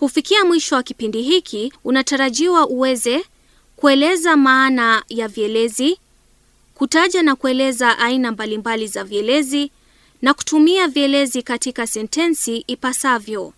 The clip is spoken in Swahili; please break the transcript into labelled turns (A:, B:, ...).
A: Kufikia mwisho wa kipindi hiki, unatarajiwa uweze kueleza maana ya vielezi, kutaja na kueleza aina mbalimbali za vielezi na kutumia vielezi katika sentensi ipasavyo.